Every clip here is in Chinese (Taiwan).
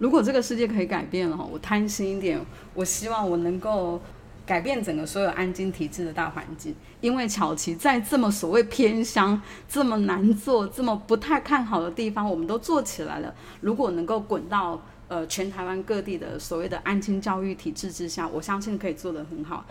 如果這個世界可以改變了哈，我貪心一點，我希望我能夠改變整個所有安親體制的大環境。因為巧奇在這麼所謂偏鄉、這麼難做、這麼不太看好的地方，我們都做起來了。如果能夠滾到呃全台灣各地的所謂的安親教育體制之下，我相信可以做得很好。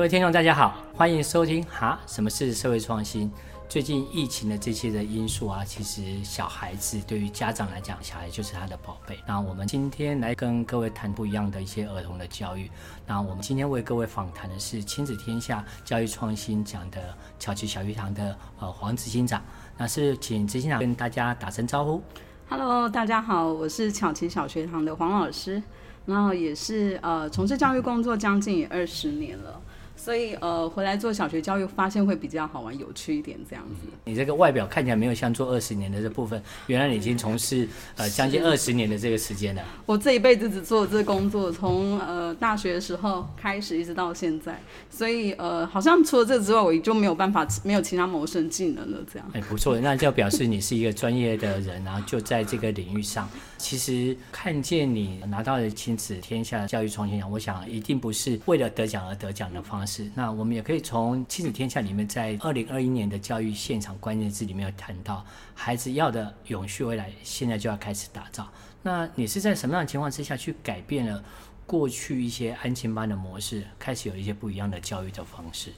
各位聽眾，大家好，歡迎收聽哈。什麼是社會創新？最近疫情的這些的因素啊，其實小孩子對於家長來講，小孩就是他的寶貝。那我們今天來跟各位談不一樣的一些兒童的教育。那我們今天為各位訪談的是《親子天下》教育創新獎的巧奇小學堂的呃黃執行長。那是請執行長跟大家打聲招呼。Hello，大家好，我是巧奇小學堂的黃老師，然後也是呃從事教育工作將近也二十年了。所以，呃，回來做小學教育，發現會比較好玩、有趣一點，這樣子。你這個外表看起來沒有像做二十年的這部分，原來你已經從事呃將近二十年的這個時間了。我這一輩子只做這個工作，從呃大學的時候開始，一直到現在。所以，呃，好像除了這之外，我就沒有辦法，沒有其他謀生技能了，這樣。哎、欸，不錯，那就表示你是一個專業的人 然後就在這個領域上。其實看見你拿到的《親子天下》教育創新獎，我想一定不是為了得獎而得獎的方式。是，那我們也可以從《親子天下》裡面在二零二一年的教育現場關鍵字裡面談到，孩子要的永續未來，現在就要開始打造。那你是在什麼樣的情況之下去改變了過去一些安親班的模式，開始有一些不一樣的教育的方式？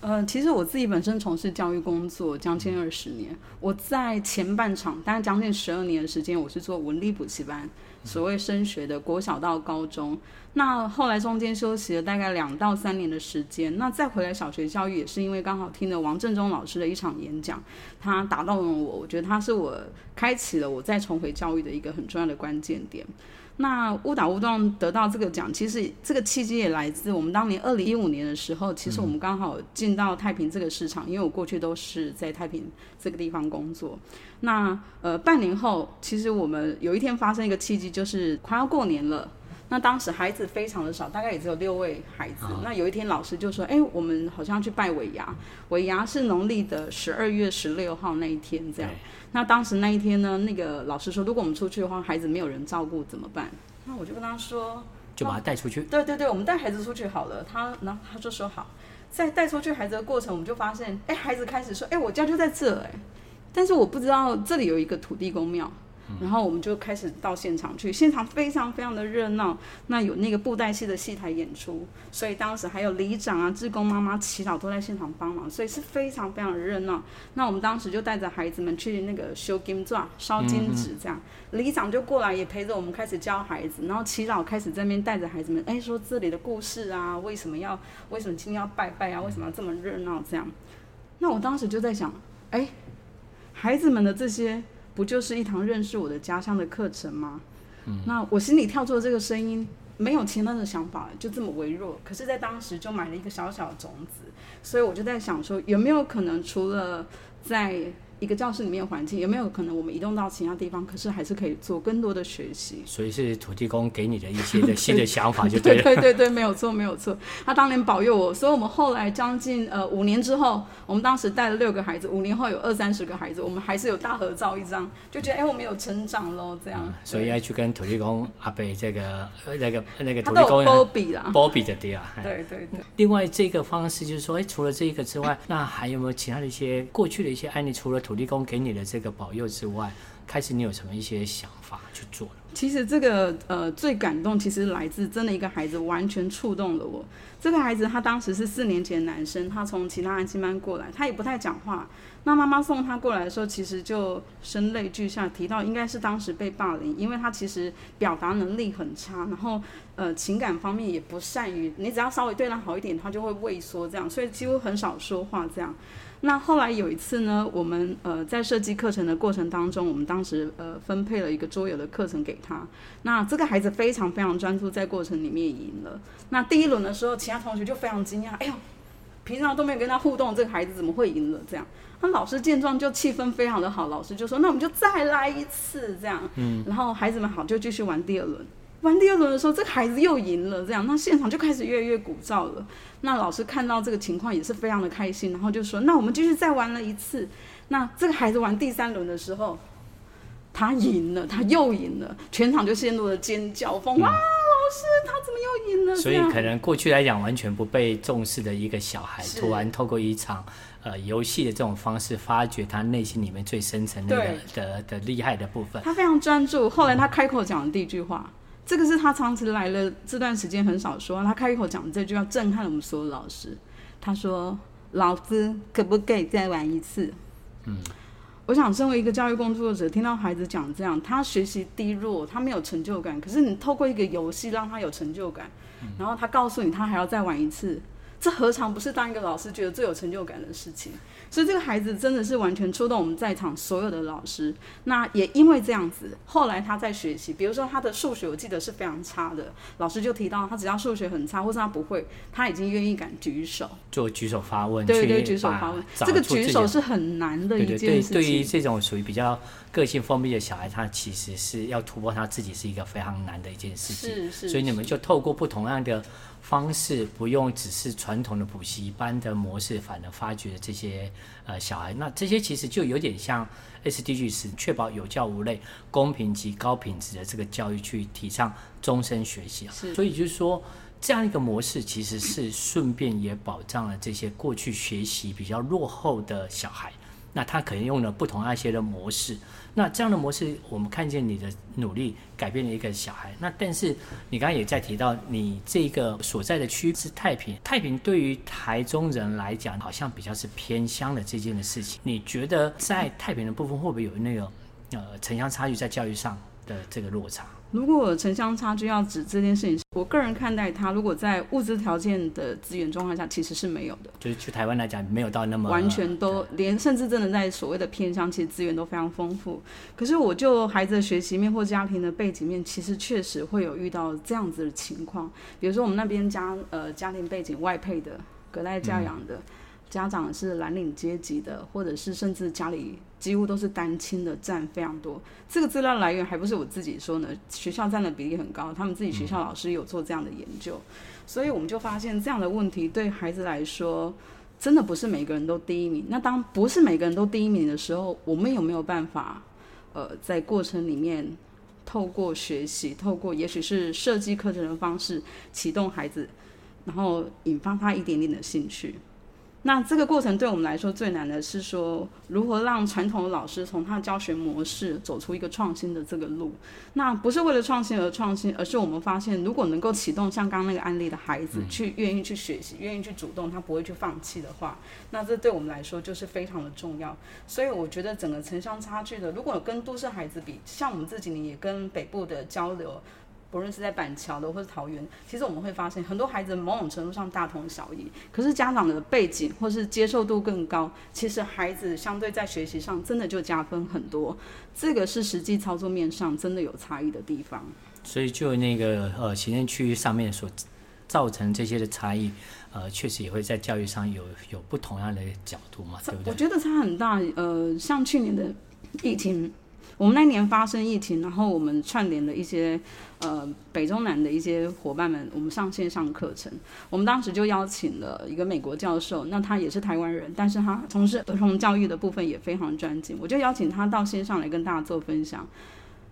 呃，其實我自己本身從事教育工作將近二十年，我在前半場，但是將近十二年的時間，我是做文理補習班。所謂升學的國小到高中，那後來中間休息了大概兩到三年的時間，那再回來小學教育也是因為剛好聽了王政忠老師的一場演講，他打動了我，我覺得他是我開啟了我再重回教育的一個很重要的關鍵點。那誤打誤撞得到這個獎，其實這個契機也來自我們當年二零一五年的時候，其實我們剛好進到太平這個市場，嗯、因為我過去都是在太平這個地方工作。那呃半年後，其實我們有一天發生一個契機，就是快要過年了。那當時孩子非常的少，大概也只有六位孩子。Uh -huh. 那有一天老師就說：“哎、欸，我們好像要去拜尾牙，尾牙是農曆的十二月十六號那一天。”這樣。Uh -huh. 那當時那一天呢，那個老師說：“如果我們出去的話，孩子沒有人照顧怎麼辦？”那我就跟他說：“就把他帶出去。”對對對，我們帶孩子出去好了。他，然後他就說好。在帶出去孩子的過程，我們就發現，哎、欸，孩子開始說：“哎、欸，我家就在這誒，但是我不知道這裡有一個土地公廟。”然後我們就開始到現場去，現場非常非常的熱鬧。那有那個布袋戲的戲臺演出，所以當時還有里長啊、志工媽媽、耆老都在現場幫忙，所以是非常非常的熱鬧。那我們當時就帶着孩子們去那個修金鑽、燒金紙，這樣里長就過來也陪着我們開始教孩子，然後耆老開始這邊帶着孩子們，哎，說這裡的故事啊，為什麼要為什麼今天要拜拜啊，為什麼要這麼熱鬧這樣？那我當時就在想，哎，孩子們的這些。不就是一堂認識我的家鄉的課程嗎？嗯，那我心裡跳出了這個聲音，沒有其他的想法，就這麼微弱。可是，在當時就埋了一個小小的種子，所以我就在想說，有沒有可能除了在。一個教室裡面的環境，有沒有可能我們移動到其他地方，可是，還是可以做更多的學習？所以是土地公給你的一些的新的想法，就對了 對對對，對，對，沒有錯沒有錯。他當年保佑我，所以我們後來將近呃五年之後，我們當時帶了六個孩子，五年後有二三十個孩子，我們還是有大合照一張，就覺得、嗯、哎我們有成長嘍這樣、嗯。所以要去跟土地公 阿伯這個、呃、那個那個土地公。他都有保庇啦保庇的爹啊。對對對。另外這個方式就是說，哎除了這一個之外，那還有沒有其他的一些過去的一些案例？除了土地公土地公給你的這個保佑之外，開始你有什麼一些想法去做？其實這個呃最感動，其實來自真的一個孩子完全觸動了我。這個孩子他當時是四年前的男生，他從其他安親班過來，他也不太講話。那媽媽送他過來的時候，其實就聲淚俱下，提到應該是當時被霸凌，因為他其實表達能力很差，然後呃情感方面也不善於，你只要稍微對他好一點，他就會畏縮，這樣，所以幾乎很少說話這樣。那後來有一次呢，我們呃在設計課程的過程當中，我們當時呃分配了一個桌遊的課程給他。那這個孩子非常非常專注，在過程裡面贏了。那第一輪的時候，其他同學就非常驚訝，哎呦，平常都沒有跟他互動，這個孩子怎麼會贏了？這樣，那老師見狀就氣氛非常的好，老師就說，那我們就再來一次這樣，嗯，然後孩子們好就繼續玩第二輪。玩第二輪的時候，這個孩子又贏了，這樣，那現場就開始越來越鼓譟了。那老師看到這個情況也是非常的開心，然後就說：“那我們繼續再玩了一次。”那這個孩子玩第三輪的時候，他贏了，他又贏了，全場就陷入了尖叫風啊、嗯！老師，他怎麼又贏了？所以，可能過去來講完全不被重視的一個小孩，突然透過一場呃遊戲的這種方式，發掘他內心裡面最深層的、的的、的厲害的部分。他非常專注。後來他開口講的第一句話。嗯這個是他長期來了這段時間很少說，他開口講這句要震撼我們所有老師。他說：“老子可不可以再玩一次？”嗯，我想身為一個教育工作者，聽到孩子講這樣，他學習低落，他沒有成就感。可是你透過一個遊戲讓他有成就感、嗯，然後他告訴你他還要再玩一次，這何嘗不是當一個老師覺得最有成就感的事情？所以這個孩子真的是完全觸動我們在場所有的老師。那也因為這樣子，後來他在學習，比如說他的數學，我記得是非常差的。老師就提到，他只要數學很差，或是他不會，他已經願意敢舉手，就舉手發問。對，對對，舉手發問。這個舉手是很難的一件事。對對對，對於這種屬於比較個性封閉的小孩，他其實是要突破他自己是一個非常難的一件事情。是是，是。所以你們就透過不同樣的。方式，不用只是傳統的補習班的模式，反而發掘這些呃小孩，那這些其實就有點像 SDGs 是確保有教無類、公平及高品質的這個教育，去提倡終身學習啊。所以就是說，這樣一個模式其實是順便也保障了這些過去學習比較落後的小孩。那他可能用了不同一些的模式，那這樣的模式，我們看見你的努力改變了一個小孩。那但是你剛剛也在提到，你這個所在的區是太平，太平對於台中人來講，好像比較是偏鄉的這件的事情。你覺得在太平的部分，會不會有那個呃城鄉差距在教育上的這個落差？如果城鄉差距要指這件事情，我個人看待它，如果在物質條件的資源狀況下，其實是沒有的。就是去台灣來講，沒有到那麼完全都、嗯、連，甚至真的在所謂的偏鄉，其實資源都非常豐富。可是我就孩子的學習面或家庭的背景面，其實確實會有遇到這樣子的情況。比如說我們那邊家呃家庭背景外配的，隔代教養的，嗯，家長是藍領階級的，或者是甚至家裡。幾乎都是單親的占非常多，這個資料來源還不是我自己說呢，學校占的比例很高，他們自己學校老師有做這樣的研究，所以我們就發現這樣的問題對孩子來說，真的不是每個人都第一名。那當不是每個人都第一名的時候，我們有沒有辦法，呃，在過程裡面透過學習，透過也許是設計課程的方式啟動孩子，然後引發他一點點的興趣。那這個過程對我們來說最難的是說，如何讓傳統的老師從他的教學模式走出一個創新的這個路。那不是為了創新而創新，而是我們發現，如果能夠啟動像剛剛那個案例的孩子去願意去學習、願意去主動，他不會去放棄的話，那這對我們來說就是非常的重要。所以我覺得整個城鄉差距的，如果有跟都市孩子比，像我們這幾年也跟北部的交流。不論是在板橋的或是桃園，其實我們會發現很多孩子某種程度上大同小異，可是家長的背景或是接受度更高，其實孩子相對在學習上真的就加分很多，這個是實際操作面上真的有差異的地方。所以就那個呃行政區域上面所造成這些的差異，呃確實也會在教育上有有不同樣的角度嘛，對不對？我覺得差很大，呃，像去年的疫情，我們那年發生疫情，然後我們串聯的一些。呃，北中南的一些夥伴們，我們上線上課程，我們當時就邀請了一個美國教授，那他也是台灣人，但是他從事兒童教育的部分也非常專精，我就邀請他到線上來跟大家做分享。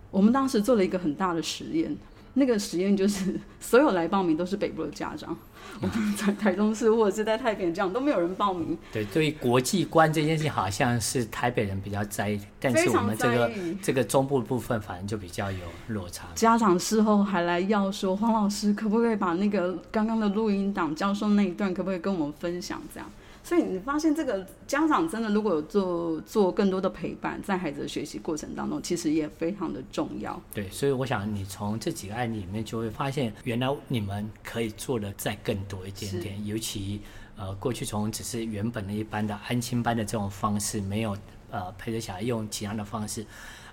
我們當時做了一個很大的實驗。那個實驗就是，所有來報名都是北部的家長，我們在台中市或者是在太平這樣都沒有人報名。嗯、對，對於國際觀這件事好像是台北人比較在意，但是我們這個這個中部部分反正就比較有落差。家長事後還來要說，黃老師可不可以把那個剛剛的錄音檔教授那一段可不可以跟我們分享這樣？所以你發現這個家長真的，如果有做做更多的陪伴，在孩子的學習過程當中，其實也非常的重要。對，所以我想你從這幾個案例裡面就會發現，原來你們可以做的再更多一點點。尤其呃，過去從只是原本的一般的安親班的這種方式，沒有呃陪着小孩用其他的方式，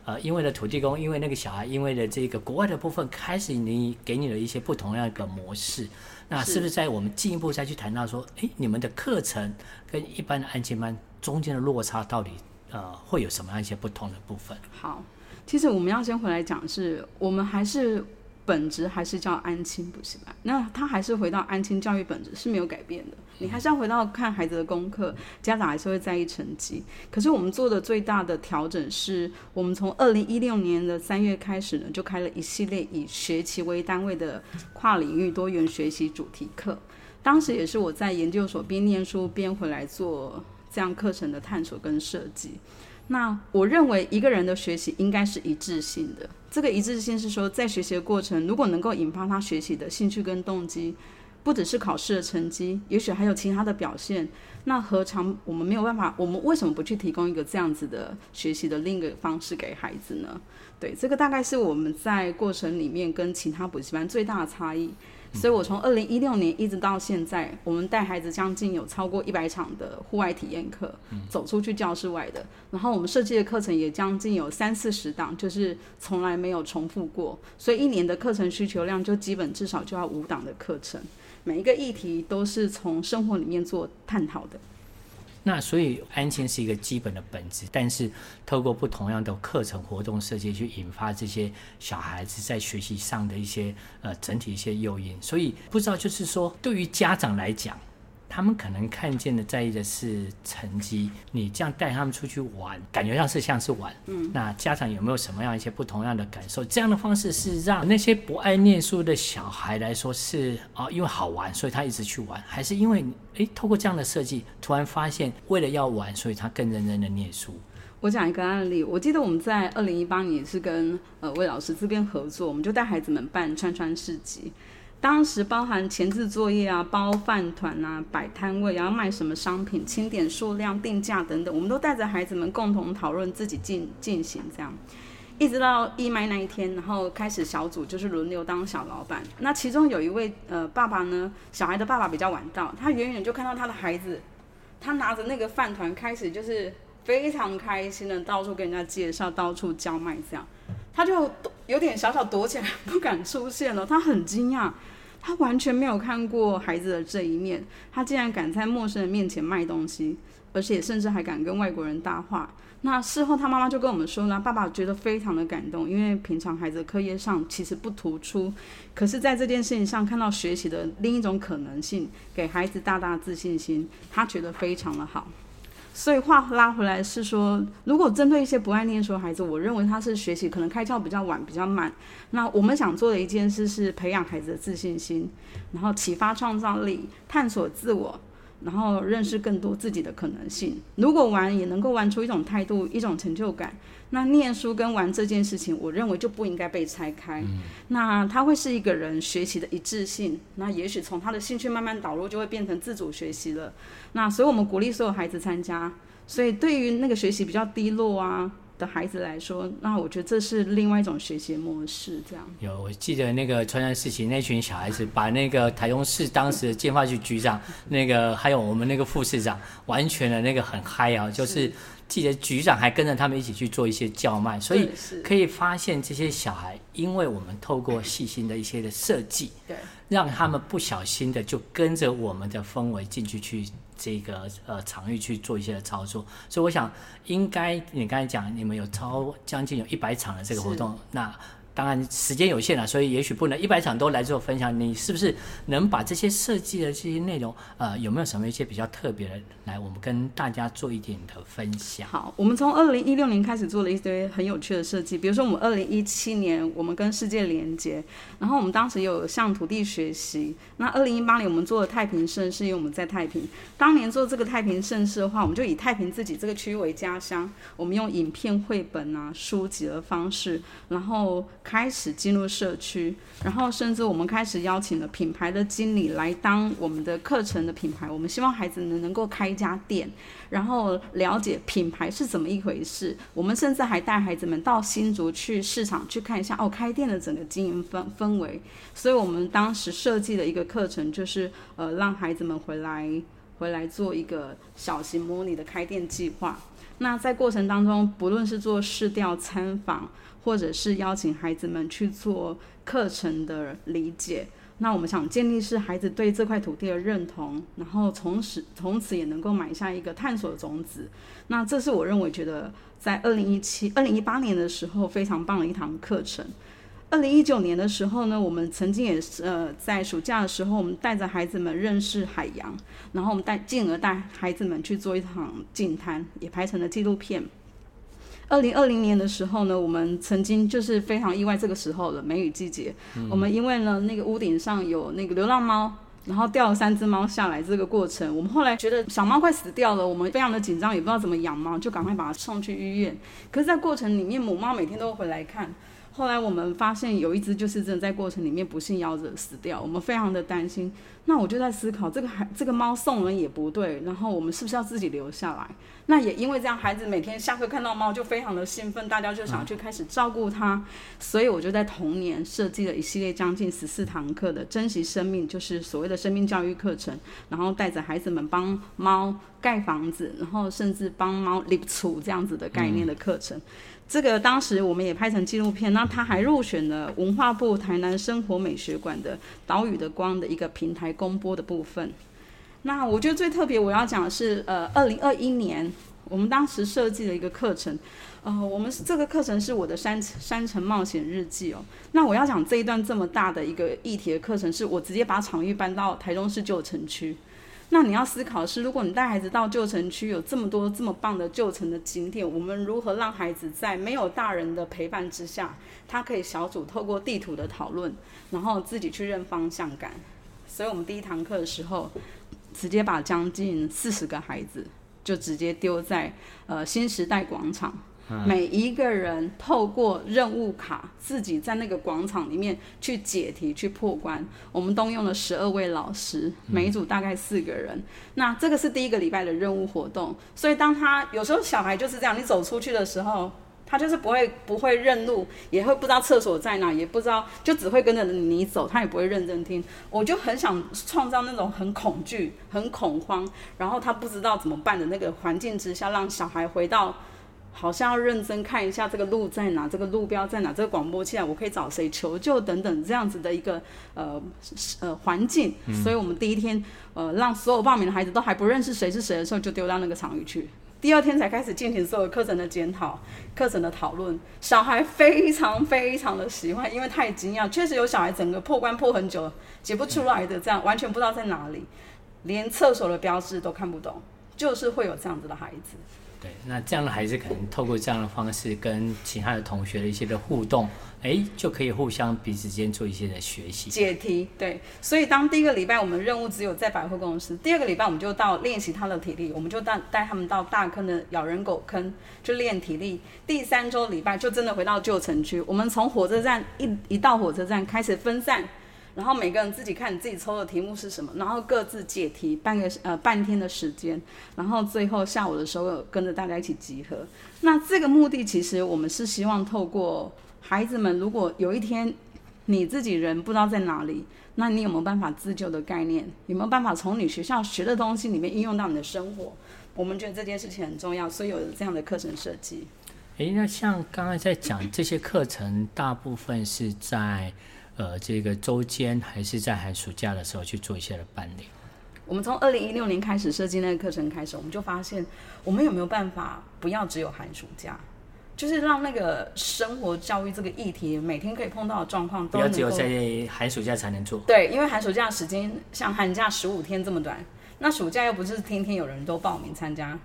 呃，因為的土地公，因為那個小孩，因為的這個國外的部分，開始你給你了一些不同樣一個模式。那是不是在我們進一步再去談到說，哎、欸，你們的課程跟一般的安親班中間的落差到底,呃，會有什麼樣一些不同的部分？好，其實我們要先回來講，是我們還是。本質還是叫安心補習班，那他還是回到安心教育本質是沒有改變的。你還是要回到看孩子的功課，家長還是會在意成績。可是我們做的最大的調整是，是我們從二零一六年的三月開始呢，就開了一系列以學期為單位的跨領域多元學習主題課。當時也是我在研究所邊念書邊回來做這樣課程的探索跟設計。那我認為一個人的學習應該是一致性的。這個一致性是說，在學習的過程，如果能夠引發他學習的興趣跟動機，不只是考試的成績，也許還有其他的表現。那何嘗我們沒有辦法？我們為什麼不去提供一個這樣子的學習的另一個方式給孩子呢？對，這個大概是我們在過程裡面跟其他補習班最大的差異。所以，我從二零一六年一直到現在，我們帶孩子將近有超過一百場的戶外體驗課，走出去教室外的。然後，我們設計的課程也將近有三四十檔，就是從來沒有重複過。所以，一年的課程需求量就基本至少就要五檔的課程，每一個議題都是從生活裡面做探討的。那所以安全是一個基本的本質，但是透過不同樣的課程活動設計去引發這些小孩子在學習上的一些呃整體一些誘因，所以不知道就是說，對於家長來講。他們可能看見的在意的是成績，你這樣帶他們出去玩，感覺像是像是玩。嗯，那家長有沒有什麼樣一些不同樣的感受？這樣的方式是讓那些不愛念書的小孩來說是、呃、因為好玩，所以他一直去玩，還是因為哎、欸，透過這樣的設計，突然發現為了要玩，所以他更認真的念書？我講一個案例，我記得我們在二零一八年是跟呃魏老師這邊合作，我們就帶孩子們辦串串市集。當時包含前置作業啊，包飯糰啊，擺攤位，然後賣什麼商品，清點數量、定價等等，我們都帶着孩子們共同討論，自己進進行這樣，一直到義賣那一天，然後開始小組就是輪流當小老闆。那其中有一位呃爸爸呢，小孩的爸爸比較晚到，他遠遠就看到他的孩子，他拿着那個飯糰開始就是非常開心的到處跟人家介紹，到處叫賣這樣。他就有點小小躲起來， 不敢出現了。他很驚訝，他完全沒有看過孩子的這一面。他竟然敢在陌生人面前賣東西，而且甚至還敢跟外國人搭話。那事後他媽媽就跟我們說呢，爸爸覺得非常的感動，因為平常孩子課業上其實不突出，可是，在這件事情上看到學習的另一種可能性，給孩子大大的自信心，他覺得非常的好。所以話拉回來是說，如果針對一些不愛念書的孩子，我認為他是學習可能開竅比較晚、比較慢。那我們想做的一件事是培養孩子的自信心，然後啟發創造力，探索自我。然後認識更多自己的可能性。如果玩也能夠玩出一種態度、一種成就感，那念書跟玩這件事情，我認為就不應該被拆開。嗯。那它會是一個人學習的一致性。那也許從他的興趣慢慢導入，就會變成自主學習了。那所以，我們鼓勵所有孩子參加。所以，對於那個學習比較低落啊。的孩子來說，那我覺得這是另外一種學習模式。這樣。有，我記得那個川川市集，那群小孩子把那個臺中市當時的建發局局長， 那個還有我們那個副市長，完全的那個很嗨啊，就是記得局長還跟着他們一起去做一些叫賣。所以可以發現，這些小孩因為我們透過細心的一些的設計， 對，讓他們不小心的就跟着我們的氛圍進去去。這個呃場域去做一些的操作，所以我想，應該你剛才講，你們有超將近有一百場的這個活動，那，當然時間有限了，所以也許不能一百場都來做分享。你是不是能把這些設計的這些內容，呃，有沒有什麼一些比較特別的，來我們跟大家做一點的分享？好，我們從二零一六年開始做了一堆很有趣的設計，比如說我們二零一七年我們跟世界連接，然後我們當時有向土地學習。那二零一八年我們做了太平盛世，因為我們在太平當年做這個太平盛世的話，我們就以太平自己這個區域為家鄉，我們用影片、繪本啊書籍的方式，然後。開始進入社區，然後甚至我們開始邀請了品牌的經理來當我們的課程的品牌。我們希望孩子們能夠開一家店，然後了解品牌是怎麼一回事。我們甚至還帶孩子們到新竹去市場去看一下哦，開店的整個經營氛氛圍。所以，我們當時設計的一個課程就是呃，讓孩子們回來回來做一個小型模擬的開店計劃。那在過程當中，不論是做市調、參訪。或者是邀請孩子們去做課程的理解，那我們想建立是孩子對這塊土地的認同，然後從此從此也能夠埋下一個探索的種子。那這是我認為覺得在二零一七、二零一八年的時候非常棒的一堂課程。二零一九年的時候呢，我們曾經也是呃在暑假的時候，我們帶着孩子們認識海洋，然後我們帶進而帶孩子們去做一場淨灘，也拍成了紀錄片。二零二零年的時候呢，我們曾經就是非常意外，這個時候的梅雨季節、嗯，我們因為呢，那個屋頂上有那個流浪貓。然後掉了三隻貓下來，這個過程我們後來覺得小貓快死掉了，我們非常的緊張，也不知道怎麼養貓，就趕快把它送去醫院。可是，在過程裡面，母貓每天都會回來看。後來我們發現有一隻就是真的在過程裡面不幸夭折死掉，我們非常的擔心。那我就在思考，這個孩這個貓送人也不對，然後我們是不是要自己留下來？那也因為這樣，孩子每天下課看到貓就非常的興奮，大家就想去開始照顧它。所以我就在同年設計了一系列將近十四堂課的珍惜生命，就是所謂的。生命教育課程，然後帶着孩子們幫貓蓋房子，然後甚至幫貓立櫥這樣子的概念的課程。嗯。這個當時我們也拍成紀錄片，那他還入選了文化部台南生活美學館的“島嶼的光”的一個平台公播的部分。那我覺得最特別我要講的是，呃，二零二一年我們當時設計的一個課程。呃，我們是這個課程是我的山山城冒險日記哦。那我要講這一段這麼大的一個議題的課程，是我直接把場域搬到台中市舊城區。那你要思考的是，如果你帶孩子到舊城區，有這麼多這麼棒的舊城的景點，我們如何讓孩子在沒有大人的陪伴之下，他可以小組透過地圖的討論，然後自己去認方向感。所以，我們第一堂課的時候，直接把將近四十個孩子就直接丟在呃新時代廣場。每一個人透過任務卡，自己在那個廣場裡面去解題、去破關。我們動用了十二位老師，每一組大概四個人、嗯。那這個是第一個禮拜的任務活動。所以當他有時候小孩就是這樣，你走出去的時候，他就是不會不會認路，也會不知道廁所在哪，也不知道，就只會跟着你走，他也不會認真聽。我就很想創造那種很恐懼、很恐慌，然後他不知道怎麼辦的那個環境之下，讓小孩回到。好像要認真看一下這個路在哪，這個路標在哪，這個廣播器啊，我可以找誰求救等等，這樣子的一個呃呃環境、嗯。所以，我們第一天呃讓所有報名的孩子都還不認識誰是誰的時候，就丟到那個場域去。第二天才開始進行所有課程的檢討、課程的討論。小孩非常非常的喜歡，因為太驚訝。確實有小孩整個破關破很久解不出來的，這樣、嗯、完全不知道在哪裡，連廁所的標志都看不懂，就是會有這樣子的孩子。對，那這樣的孩子可能透過這樣的方式跟其他的同學的一些的互動，哎，就可以互相彼此間做一些的學習解題。對，所以當第一個禮拜我們任務只有在百貨公司，第二個禮拜我們就到練習他的體力，我們就帶帶他們到大坑的咬人狗坑去練體力。第三周禮拜就真的回到舊城區，我們從火車站一一到火車站開始分散。然後每個人自己看你自己抽的題目是什麼，然後各自解題，半個呃半天的時間，然後最後下午的時候有跟着大家一起集合。那這個目的其實我們是希望透過孩子們，如果有一天你自己人不知道在哪裡，那你有沒有辦法自救的概念？有沒有辦法從你學校學的東西裡面應用到你的生活？我們覺得這件事情很重要，所以有這樣的課程設計。誒，那像剛才在講這些課程，大部分是在。呃，這個週間還是在寒暑假的時候去做一些的辦理。我們從二零一六年開始設計那個課程開始，我們就發現我們有沒有辦法不要只有寒暑假，就是讓那個生活教育這個議題每天可以碰到的狀況都要只有在寒暑假才能做？對，因為寒暑假時間像寒假十五天這麼短，那暑假又不是天天有人都報名參加，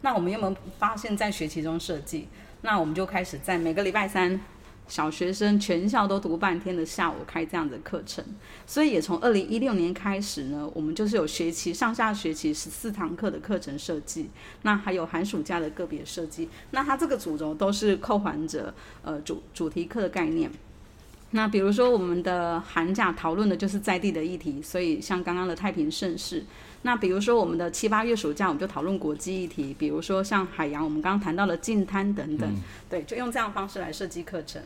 那我們有沒有發現在學期中設計？那我們就開始在每個禮拜三。小學生全校都讀半天的下午開這樣的課程，所以也從二零一六年開始呢，我們就是有學期上下學期十四堂課的課程設計，那還有寒暑假的個別設計。那它這個主軸都是扣環着呃主主題課的概念。那比如說我們的寒假討論的就是在地的議題，所以像剛剛的太平盛世。那比如說，我們的七八月暑假，我們就討論國際議題，比如說像海洋，我們剛剛談到了淨灘等等，嗯，對，就用這樣的方式來設計課程。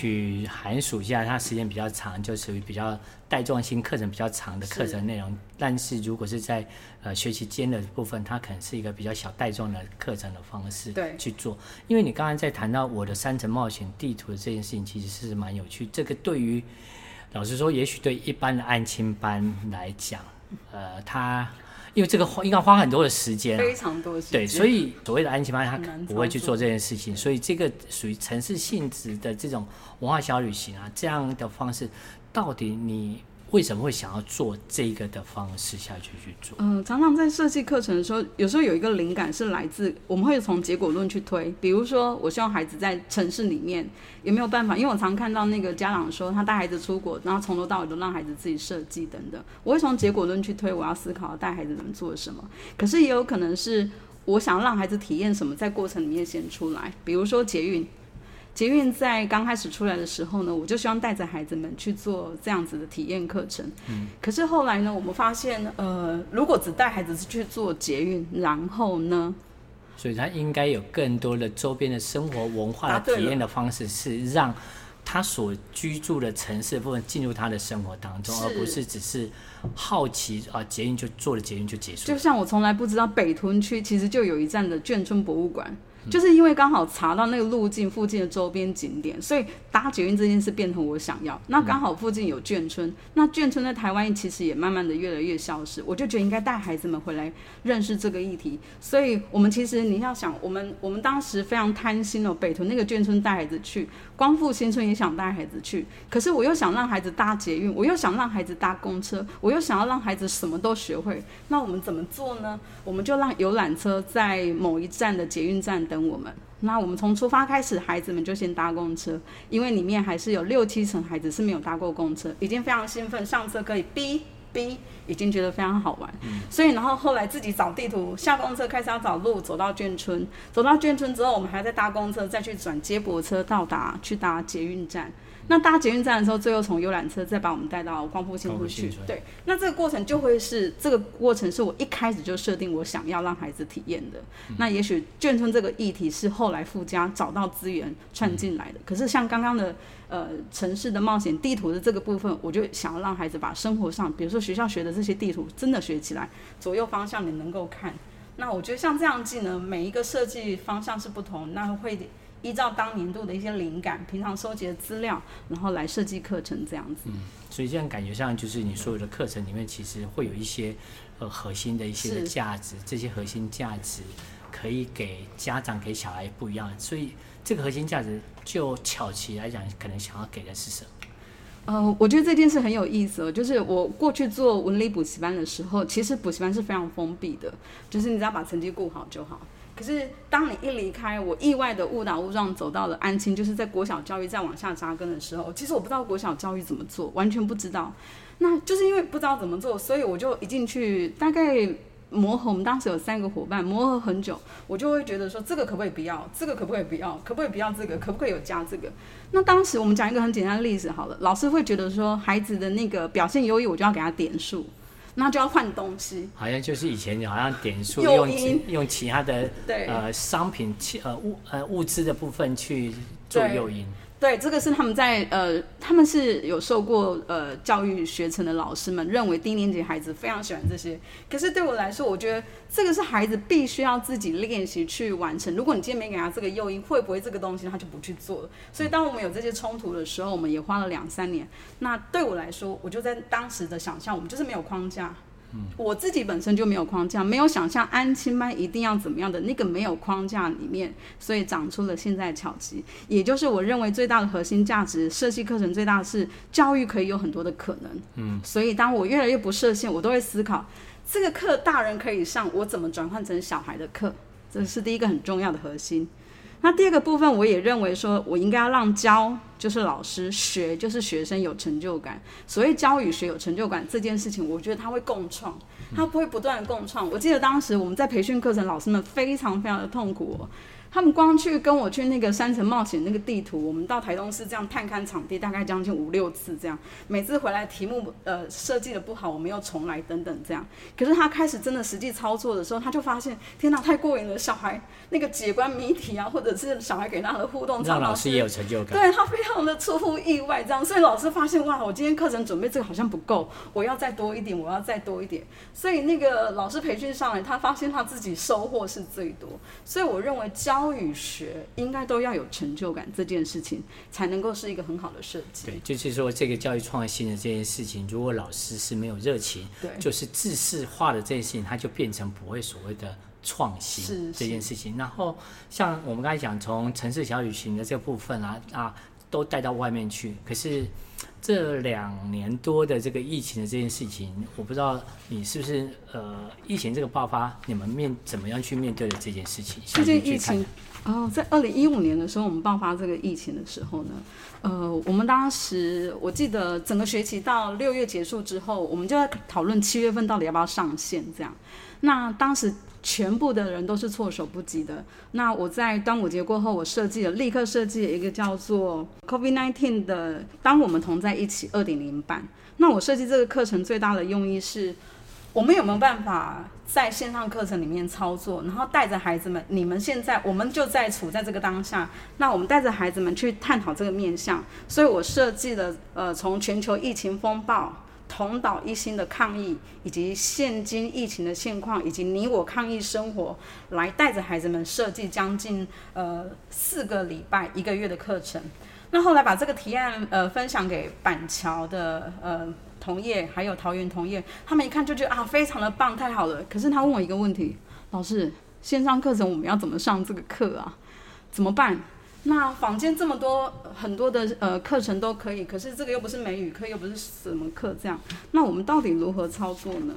去寒暑假，它時間比較長，就屬於比較帶狀性課程比較長的課程內容。但是如果是在呃學期間的部分，它可能是一個比較小帶狀的課程的方式去做。因為你剛剛在談到我的三層冒險地圖的這件事情，其實是蠻有趣。這個對於老實說，也許對一般的安親班來講，呃，它。因為這個花應該花很多的時間，非常多的時間。對，所以所謂的安親班可能不會去做這件事情，所以這個屬於城市性質的這種文化小旅行啊，這樣的方式，到底你。為什麼會想要做這個的方式下去去做？嗯，常常在設計課程的時候，有時候有一個靈感是來自，我們會從結果論去推。比如說，我希望孩子在城市裡面也沒有辦法？因為我常看到那個家長說，他帶孩子出國，然後從頭到尾都讓孩子自己設計等等。我會從結果論去推，我要思考帶孩子能做什麼。可是也有可能是我想讓孩子體驗什麼，在過程裡面先出來。比如說捷運。捷運在剛開始出來的時候呢，我就希望帶着孩子們去做這樣子的體驗課程。嗯。可是後來呢，我們發現，呃，如果只帶孩子去做捷運，然後呢？所以他應該有更多的周邊的生活文化的體驗的方式，是讓他所居住的城市的部分進入他的生活當中，而不是只是好奇啊，捷運就坐了捷運就結束。就像我從來不知道北屯區其實就有一站的眷村博物館。就是因為剛好查到那個路徑附近的周邊景點，所以搭捷運這件事變成我想要。那剛好附近有眷村，那眷村在台灣其實也慢慢的越來越消失，我就覺得應該帶孩子們回來認識這個議題。所以我們其實你要想，我們我們當時非常貪心哦，北屯那個眷村帶孩子去。光復新村也想帶孩子去，可是我又想讓孩子搭捷運，我又想讓孩子搭公車，我又想要讓孩子什麼都學會，那我們怎麼做呢？我們就讓遊覽車在某一站的捷運站等我們，那我們從出發開始，孩子們就先搭公車，因為裡面還是有六七成孩子是沒有搭過公車，已經非常興奮，上車可以逼。B 已經覺得非常好玩，所以然後後來自己找地圖，下公車開始要找路，走到眷村，走到眷村之後，我們還在搭公車，再去轉接駁車到達，去搭捷運站。那搭捷運站的時候，最後從遊覽車再把我們帶到光復新村去。對，那這個過程就會是這個過程是我一開始就設定我想要讓孩子體驗的、嗯。那也許眷村這個議題是後來附加找到資源串進來的、嗯。可是像剛剛的呃城市的冒險地圖的這個部分，我就想要讓孩子把生活上，比如說學校學的這些地圖真的學起來，左右方向你能夠看。那我覺得像這樣技能，每一個設計方向是不同，那會。依照當年度的一些靈感，平常收集的資料，然後來設計課程這樣子。嗯，所以這樣感覺上就是你所有的課程裡面，其實會有一些呃核心的一些價值，這些核心價值可以給家長給小孩不一樣。所以這個核心價值，就巧奇來講，可能想要給的是什麼？呃，我覺得這件事很有意思哦。就是我過去做文理補習班的時候，其實補習班是非常封閉的，就是你只要把成績顧好就好。可是，當你一離開，我意外的誤打誤撞走到了安親。就是在國小教育再往下扎根的時候。其實我不知道國小教育怎麼做，完全不知道。那就是因為不知道怎麼做，所以我就一進去，大概磨合。我們當時有三個夥伴磨合很久，我就會覺得說，這個可不可以不要？這個可不可以不要？可不可以不要這個？可不可以有加這個？那當時我們講一個很簡單的例子好了，老師會覺得說，孩子的那個表現優異，我就要給他點數。那就要換東西，好像就是以前好像點數用用，用其他的呃商品，呃物，呃物資的部分去做誘因。對，這個是他們在呃，他們是有受過呃教育學程的老師們認為低年級孩子非常喜歡這些。可是對我來說，我覺得這個是孩子必須要自己練習去完成。如果你今天沒給他這個誘因，會不會這個東西他就不去做了？所以當我們有這些衝突的時候，我們也花了兩三年。那對我來說，我就在當時的想象，我們就是沒有框架。我自己本身就沒有框架，沒有想象安親班一定要怎麼樣的那個沒有框架裡面，所以長出了現在巧奇，也就是我認為最大的核心價值。設計課程最大的是教育可以有很多的可能。嗯，所以當我越來越不設限，我都會思考這個課大人可以上，我怎麼轉換成小孩的課？這是第一個很重要的核心。那第二個部分，我也認為說，我應該要讓教就是老師，學就是學生有成就感。所以教與學有成就感這件事情，我覺得他會共創，他不會不斷的共創。我記得當時我們在培訓課程，老師們非常非常的痛苦哦。他們光去跟我去那個山城冒險那個地圖，我們到台東市這樣探勘場地，大概將近五六次這樣。每次回來題目呃設計的不好，我們又重來等等這樣。可是他開始真的實際操作的時候，他就發現天吶、啊，太過癮了！小孩那個解關謎題啊，或者是小孩給他的互動，讓老師也有成就感。對，他非常的出乎意外，這樣，所以老師發現哇，我今天課程準備這個好像不夠，我要再多一點，我要再多一點。所以那個老師培訓上來，他發現他自己收穫是最多。所以我認為教。教與學應該都要有成就感，這件事情才能夠是一個很好的設計。對，就是說這個教育創新的這件事情，如果老師是沒有熱情，對，就是自視化的這件事情，它就變成不會所謂的創新是這件事情。然後像我們剛才講，從城市小旅行的這部分啊啊，都帶到外面去，可是。這兩年多的這個疫情的這件事情，我不知道你是不是呃，疫情這個爆發，你們面怎麼樣去面對的這件事情？最近疫情哦，在二零一五年的時候，我們爆發這個疫情的時候呢，呃，我們當時我記得整個學期到六月結束之後，我們就在討論七月份到底要不要上線這樣。那當時。全部的人都是措手不及的。那我在端午節過後，我設計了，立刻設計了一個叫做 COVID-19 的《當我們同在一起》2.0版。那我設計這個課程最大的用意是，我們有沒有辦法在線上課程裡面操作，然後帶着孩子們，你們現在我們就在處在這個當下，那我們帶着孩子們去探討這個面向。所以我設計了，呃，從全球疫情風暴。同島一心的抗疫，以及現今疫情的現況，以及你我抗疫生活，來帶着孩子們設計將近呃四個禮拜一個月的課程。那後來把這個提案呃分享給板橋的呃同業，還有桃園同業，他們一看就覺得啊，非常的棒，太好了。可是他問我一個問題，老師，線上課程我們要怎麼上這個課啊？怎麼辦？那坊間這麼多很多的呃課程都可以，可是這個又不是美語課，又不是什麼課，這樣，那我們到底如何操作呢？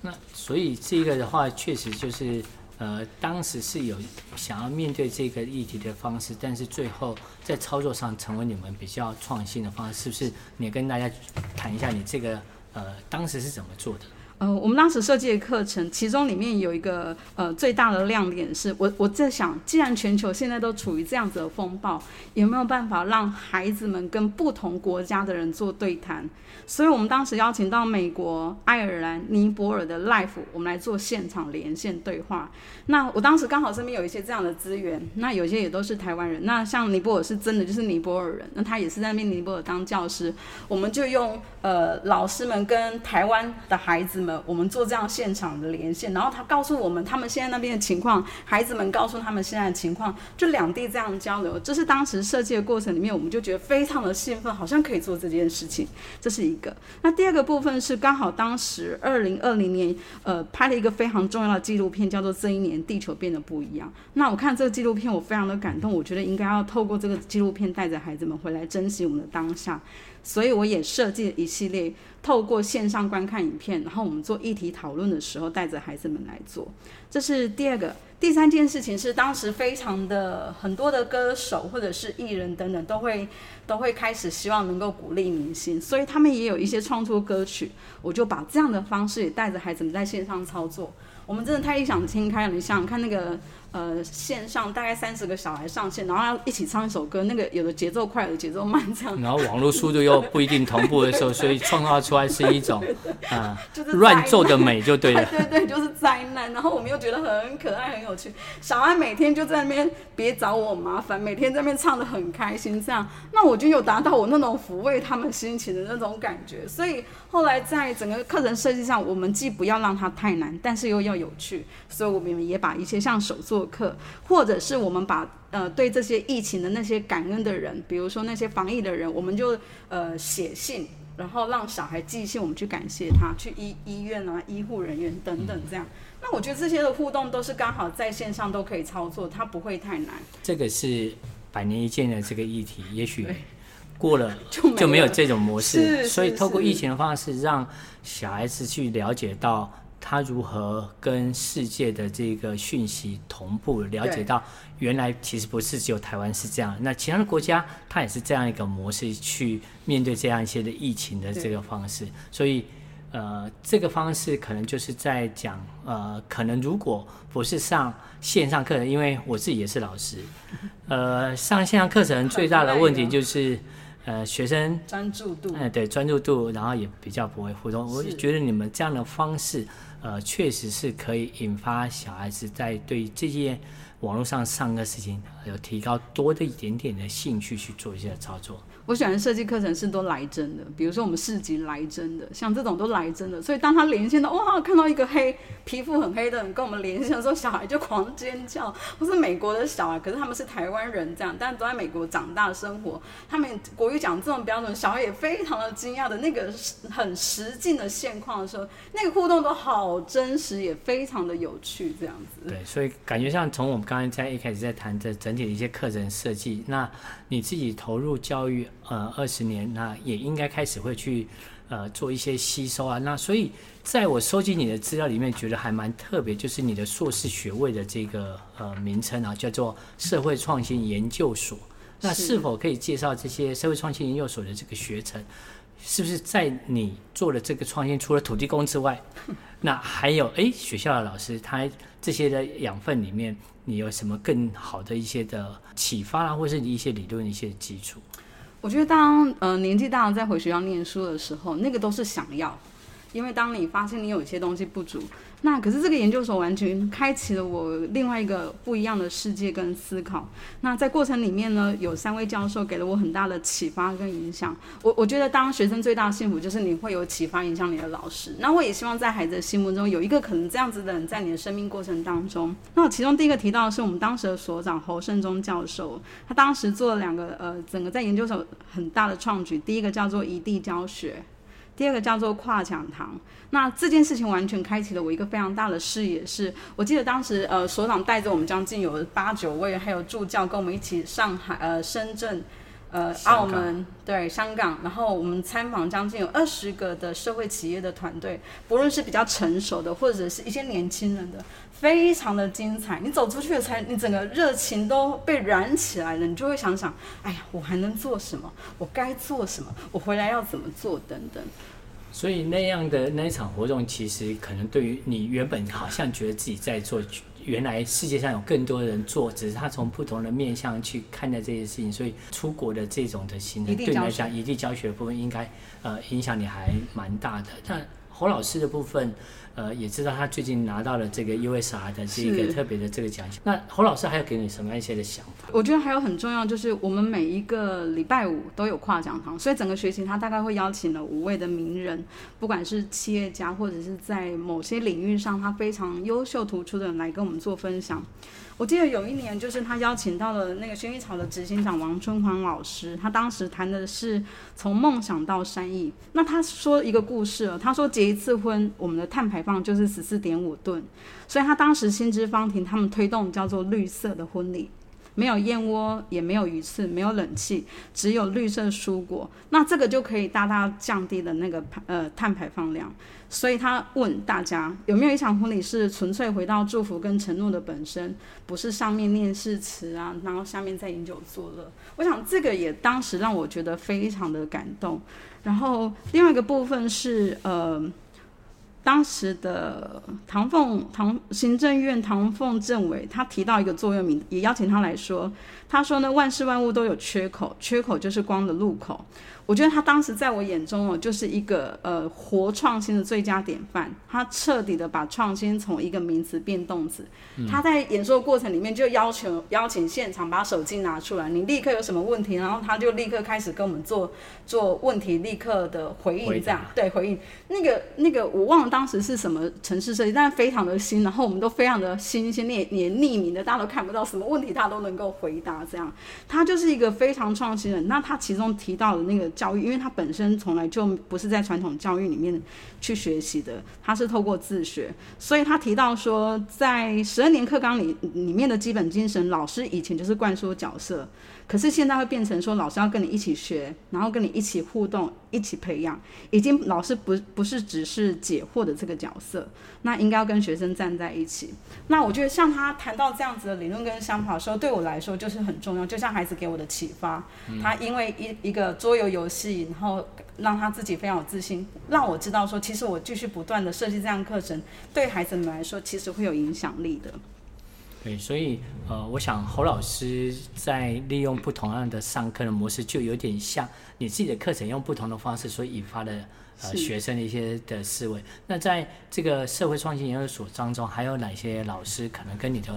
那所以這個的話，確實就是呃，當時是有想要面對這個議題的方式，但是最後在操作上成為你們比較創新的方式，是不是？你跟大家談一下，你這個呃當時是怎麼做的？呃，我們當時設計的課程，其中裡面有一個呃最大的亮點是，我我在想，既然全球現在都處於這樣子的風暴，有沒有辦法讓孩子們跟不同國家的人做對談？所以，我們當時邀請到美國、愛爾蘭、尼泊爾的 Life，我們來做現場連線對話。那我當時剛好身邊有一些這樣的資源，那有些也都是台灣人。那像尼泊爾是真的就是尼泊爾人，那他也是在那邊尼泊爾當教師。我們就用呃老師們跟台灣的孩子們。呃，我們做這樣現場的連線，然後他告訴我們他們現在那邊的情況，孩子們告訴他們現在的情況，就兩地這樣交流。這是當時設計的過程裡面，我們就覺得非常的興奮，好像可以做這件事情，這是一個。那第二個部分是剛好當時二零二零年，呃，拍了一個非常重要的紀錄片，叫做《這一年地球變得不一樣》。那我看這個紀錄片，我非常的感動，我覺得應該要透過這個紀錄片帶着孩子們回來珍惜我們的當下，所以我也設計了一系列。透過線上觀看影片，然後我們做議題討論的時候，帶着孩子們來做。這是第二個。第三件事情是，當時非常的很多的歌手或者是藝人等等，都會都會開始希望能夠鼓勵明星，所以他們也有一些創作歌曲。我就把這樣的方式也帶着孩子們在線上操作。我們真的太異想天開了，你想想看那個？呃，線上大概三十個小孩上線，然後要一起唱一首歌，那個有的節奏快，有的節奏慢，這樣。然後網絡速度又不一定同步的時候， 對對對，所以創造出來是一種，啊、 嗯，就是亂奏的美就對了。 對對對，就是災難。然後我們又覺得很可愛、很有趣。小孩每天就在那邊，別找我麻煩，每天在那邊唱得很開心，這樣，那我就有達到我那種撫慰他們心情的那種感覺。所以後來在整個課程設計上，我們既不要讓它太難，但是又要有趣，所以我們也把一些像手作。課，或者是我們把呃，對這些疫情的那些感恩的人，比如說那些防疫的人，我們就呃，寫信，然後讓小孩寄信，我們去感謝他，去醫醫院啊、醫護人員等等這樣。那我覺得這些的互動都是剛好在線上都可以操作，它不會太難。這個是百年一見的這個議題，也許過了就沒有這種模式。所以透過疫情的方式，讓小孩子去了解到。他如何跟世界的這個訊息同步？了解到原來其實不是只有台灣是這樣，那其他的國家他也是這樣一個模式去面對這樣一些的疫情的這個方式。所以，呃，這個方式可能就是在講，呃，可能如果不是上線上課程，因為我自己也是老師，呃，上線上課程最大的問題就是，呃，學生專注度，哎、嗯，對，專注度，然後也比較不會互動。我就覺得你們這樣的方式。呃，確實是可以引發小孩子在對這些網絡上上的事情，有提高多的一點點的興趣去做一些操作。我選的設計課程是都來真的，比如說我們市集來真的，像這種都來真的，所以當他連線到，哇，看到一個黑皮膚很黑的人，人跟我們連線的時候，小孩就狂尖叫。不是美國的小孩，可是他們是台灣人這樣，但都在美國長大的生活，他們國語講這種標準，小孩也非常的驚訝的那個很實際的現況的時候，那個互動都好真實，也非常的有趣這樣子。對，所以感覺像從我們剛才在一開始在談的整體的一些課程設計，那你自己投入教育，呃、嗯，二十年那也應該開始會去，呃，做一些吸收啊。那所以，在我收集你的資料裡面，覺得還蠻特別，就是你的碩士學位的這個呃名稱啊，叫做社會創新研究所。那是否可以介紹這些社會創新研究所的這個學程？是，是不是在你做了這個創新，除了土地公之外，那還有哎、欸、學校的老師他這些的養分裡面，你有什麼更好的一些的啟發啊，或是一些理論的一些的基礎？我覺得當，當呃年紀大了再回學校念書的時候，那個都是想要。因為當你發現你有一些東西不足，那可是這個研究所完全開啟了我另外一個不一樣的世界跟思考。那在過程裡面呢，有三位教授給了我很大的啟發跟影響。我我覺得當學生最大的幸福就是你會有啟發影響你的老師。那我也希望在孩子的心目中有一個可能這樣子的人在你的生命過程當中。那我其中第一個提到的是我們當時的所長侯勝宗教授，他當時做了兩個呃，整個在研究所很大的創舉，第一個叫做異地教學。第二個叫做跨講堂，那這件事情完全開啟了我一個非常大的視野是。是我記得當時，呃，所長帶着我們將近有八九位，還有助教跟我們一起上海、呃，深圳、呃，澳門，對，香港，然後我們參訪將近有二十個的社會企業的團隊，不論是比較成熟的，或者是一些年輕人的。非常的精彩，你走出去才，你整個熱情都被燃起來了，你就會想想，哎呀，我還能做什麼？我該做什麼？我回來要怎麼做？等等。所以那樣的那一場活動，其實可能對於你原本你好像覺得自己在做，原來世界上有更多人做，只是他從不同的面向去看待這些事情。所以出國的這種的行程，對你來講，異地教學的部分應該，呃，影響你還蠻大的。但、嗯、侯老師的部分。呃，也知道他最近拿到了這個 USR 的這一個特別的這個獎項。那侯老師還有給你什麼樣一些的想法？我覺得還有很重要，就是我們每一個禮拜五都有跨講堂，所以整個學期他大概會邀請了五位的名人，不管是企業家或者是在某些領域上他非常優秀突出的人來跟我們做分享。我記得有一年就是他邀請到了那個薰衣草的執行長王春華老師，他當時談的是從夢想到善意。那他說一個故事，喔，他說結一次婚，我們的碳排。放就是十四點五噸，所以他當時心之芳庭他們推動叫做綠色的婚禮，沒有燕窩，也沒有魚翅，沒有冷氣，只有綠色蔬果，那這個就可以大大降低了那個呃碳排放量。所以他問大家有沒有一場婚禮是純粹回到祝福跟承諾的本身，不是上面念誓詞啊，然後下面再飲酒作樂。我想這個也當時讓我覺得非常的感動。然後另外一個部分是呃。當時的唐鳳、唐行政院唐鳳政委，他提到一個座右銘，也邀請他來說，他說呢，萬事萬物都有缺口，缺口就是光的入口。我覺得他當時在我眼中哦，就是一個呃活創新的最佳典範。他徹底的把創新從一個名詞變動詞。嗯。他在演說的過程裡面就要求邀請現場把手機拿出來，你立刻有什麼問題，然後他就立刻開始跟我們做做問題立刻的回應，這樣回，對，回應。那個那個我忘了當時是什麼城市設計，但是非常的新，然後我們都非常的新鮮，你連匿名的大家都看不到什麼問題，他都能夠回答這樣。他就是一個非常創新人。那他其中提到的那個。教育，因為他本身從來就不是在傳統教育裡面去學習的，他是透過自學。所以他提到說，在十二年課綱裡裡面的基本精神，老師以前就是灌輸角色。可是現在會變成說，老師要跟你一起學，然後跟你一起互動、一起培養，已經老師不不是只是解惑的這個角色，那應該要跟學生站在一起。那我覺得像他談到這樣子的理論跟想法的時候，對我來說就是很重要。就像孩子給我的啟發，他因為一一個桌遊遊戲，然後讓他自己非常有自信，讓我知道說，其實我繼續不斷的設計這樣的課程，對孩子們來說其實會有影響力的。對，所以呃，我想侯老師在利用不同樣的上課的模式，就有點像你自己的課程用不同的方式所引發的呃學生的一些的思維。那在這個社會創新研究所當中，還有哪些老師可能跟你的？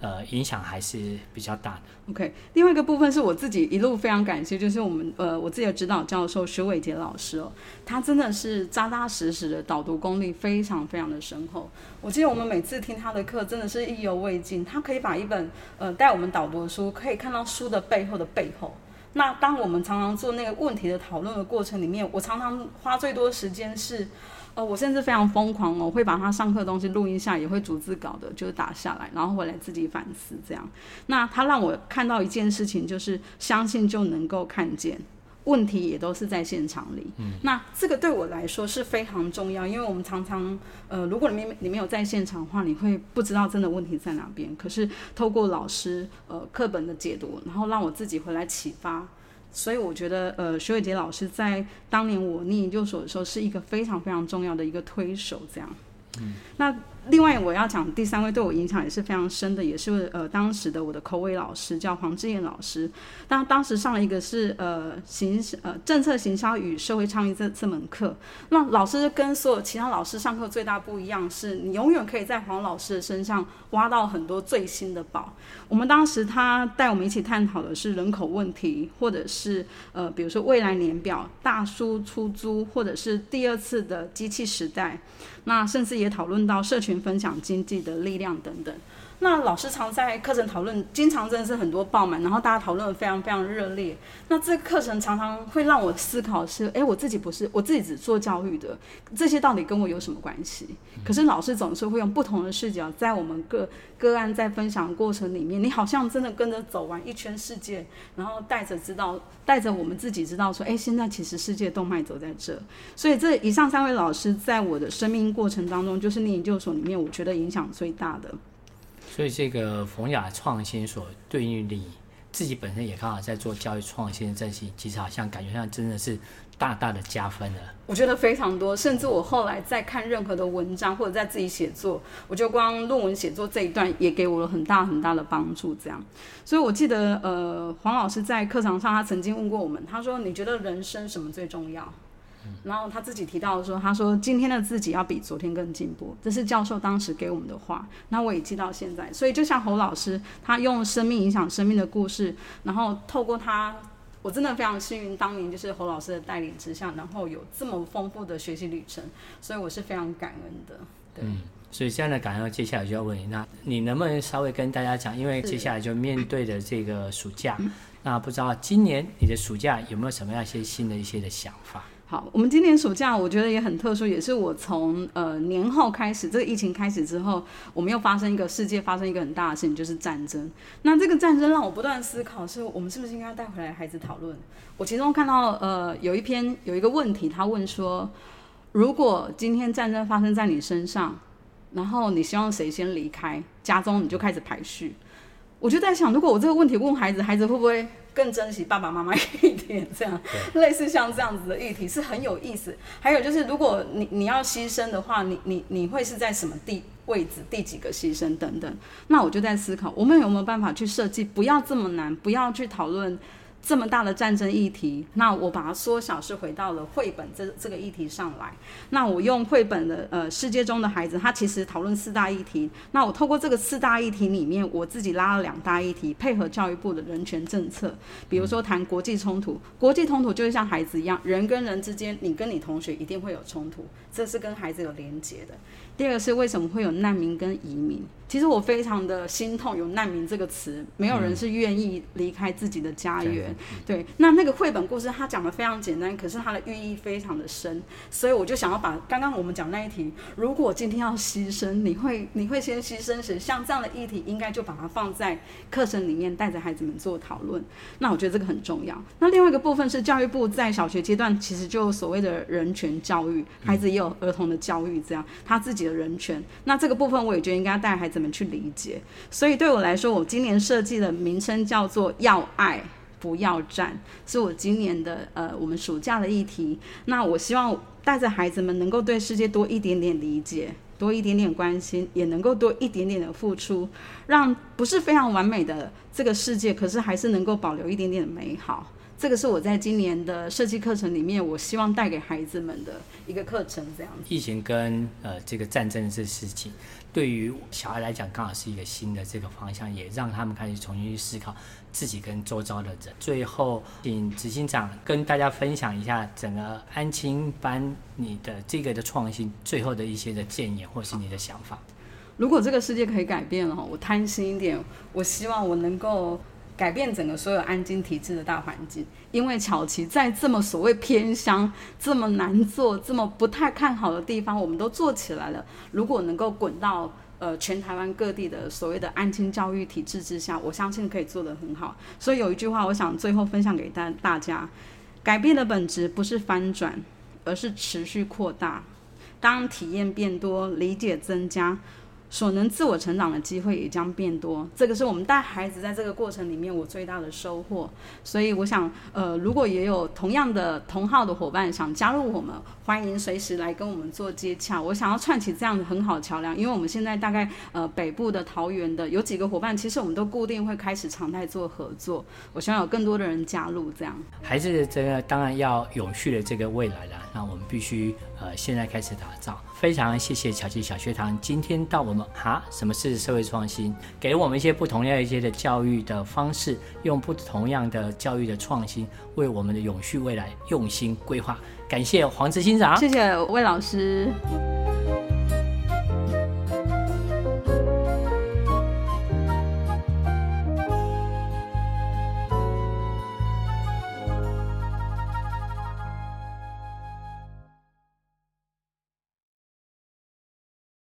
呃，影響還是比較大的。OK，另外一個部分是我自己一路非常感謝，就是我們呃，我自己的指導教授徐偉杰老師哦，他真的是扎扎實實的導讀功力非常非常的深厚。我記得我們每次聽他的課，真的是意猶未盡。他可以把一本呃帶我們導讀的書，可以看到書的背後的背後。那當我們常常做那個問題的討論的過程裡面，我常常花最多時間是呃，我甚至非常瘋狂，我會把他上課的東西錄音下，也會逐字稿的，就是打下來，然後回來自己反思這樣。那他讓我看到一件事情，就是相信就能夠看見，問題也都是在現場裡。嗯。那這個對我來說是非常重要，因為我們常常，呃，如果你們你沒有在現場的話，你會不知道真的問題在哪邊。可是透過老師呃課本的解讀，然後讓我自己回來啟發。所以我覺得，呃，徐偉杰老師在當年我念研究所的時候，是一個非常非常重要的一個推手，這樣。嗯，那。另外，我要講第三位對我影響也是非常深的，也是呃當時的我的口味老師叫黃志燕老師。那他當時上了一個是呃行呃政策行銷與社會倡議這這門課。那老師跟所有其他老師上課最大不一樣是，你永遠可以在黃老師的身上挖到很多最新的寶。我們當時他帶我們一起探討的是人口問題，或者是呃比如說未來年表、大叔出租，或者是第二次的機器時代。那甚至也討論到社群分享經濟的力量等等。那老師常在課程討論，經常真的是很多爆滿，然後大家討論得非常非常熱烈。那這個課程常常會讓我思考是：哎、欸，我自己不是我自己只做教育的，這些到底跟我有什麼關係？可是老師總是會用不同的視角，在我們個個案在分享的過程裡面，你好像真的跟着走完一圈世界，然後帶着知道，帶着我們自己知道說：哎、欸，現在其實世界動脈走在這。所以這以上三位老師在我的生命。過程當中，就是那研究所裡面，我覺得影響最大的。所以這個馮雅創新所，對於你自己本身也剛好在做教育創新，這些其實好像感覺上真的是大大的加分了。我覺得非常多，甚至我後來在看任何的文章，或者在自己寫作，我就光論文寫作這一段也給我了很大很大的幫助。這樣，所以我記得呃，黃老師在課堂上他曾經問過我們，他說：“你覺得人生什麼最重要？”然後他自己提到說：“他說今天的自己要比昨天更進步。”這是教授當時給我們的話，那我也記到現在。所以就像侯老師，他用生命影響生命的故事，然後透過他，我真的非常幸運，當年就是侯老師的帶領之下，然後有這麼豐富的學習旅程。所以我是非常感恩的。對，嗯，所以這樣的感恩，接下來就要問你，那你能不能稍微跟大家講？因為接下來就面對的這個暑假，那不知道今年你的暑假有沒有什麼樣一些新的一些的想法？好，我們今年暑假我覺得也很特殊，也是我從呃年後開始，這個疫情開始之後，我們又發生一個世界發生一個很大的事情，就是戰爭。那這個戰爭讓我不斷思考，是我們是不是應該要帶回來孩子討論？我其中看到呃有一篇有一個問題，他問說，如果今天戰爭發生在你身上，然後你希望誰先離開家中，你就開始排序。我就在想，如果我這個問題問孩子，孩子會不會？更珍惜爸爸媽媽一點，這樣類似像這樣子的議題是很有意思。還有就是，如果你你要犧牲的話，你你你會是在什麼地位置，第幾個犧牲等等。那我就在思考，我們有沒有辦法去設計，不要這麼難，不要去討論。這麼大的戰爭議題，那我把它縮小，是回到了繪本這這個議題上來。那我用繪本的呃世界中的孩子，他其實討論四大議題。那我透過這個四大議題裡面，我自己拉了兩大議題，配合教育部的人權政策，比如說談國際衝突。國際衝突就是像孩子一樣，人跟人之間，你跟你同學一定會有衝突，這是跟孩子有連結的。第二個是為什麼會有難民跟移民？其實我非常的心痛，有難民這個詞，沒有人是願意離開自己的家園。嗯、對，那那個繪本故事，他講得非常簡單，可是他的寓意非常的深。所以我就想要把剛剛我們講的那一題，如果今天要犧牲，你會你會先犧牲誰？像這樣的議題，應該就把它放在課程裡面，帶着孩子們做討論。那我覺得這個很重要。那另外一個部分是教育部在小學階段，其實就所謂的人權教育，孩子也有兒童的教育，這樣他自己的人權。那這個部分，我也覺得應該帶孩子。怎麼去理解？所以對我來說，我今年設計的名稱叫做“要愛不要戰”，是我今年的呃，我們暑假的議題。那我希望帶着孩子們能夠對世界多一點點理解，多一點點關心，也能夠多一點點的付出，讓不是非常完美的這個世界，可是還是能夠保留一點點的美好。這個是我在今年的設計課程裡面，我希望帶給孩子們的一個課程。這樣子，疫情跟呃這個戰爭這事情。對於小孩來講，剛好是一個新的這個方向，也讓他們開始重新去思考自己跟周遭的人。最後，請執行長跟大家分享一下整個安親班你的這個的創新最後的一些的建議，或是你的想法。如果這個世界可以改變了，我貪心一點，我希望我能夠改變整個所有安親體制的大環境。因為巧奇在這麼所謂偏鄉，這麼難做，這麼不太看好的地方，我們都做起來了。如果能夠滾到呃全台灣各地的所謂的安親教育體制之下，我相信可以做得很好。所以有一句話，我想最後分享給大大家：改變的本質不是翻轉，而是持續擴大。當體驗變多，理解增加。所能自我成長的機會也將變多，這個是我們帶孩子在這個過程裡面我最大的收穫。所以我想，呃，如果也有同樣的同好的夥伴想加入我們，歡迎隨時來跟我們做接洽。我想要串起這樣的很好的橋梁，因為我們現在大概呃北部的桃園的有幾個夥伴，其實我們都固定會開始常態做合作。我希望有更多的人加入這樣，還是這個當然要永續的這個未來了。那我們必須。呃，現在開始打造，非常謝謝巧奇小學堂今天到我們哈。什麼是社會創新？給我們一些不同樣一些的教育的方式，用不同樣的教育的創新，為我們的永續未來用心規劃。感謝黃執行長，謝謝魏老師。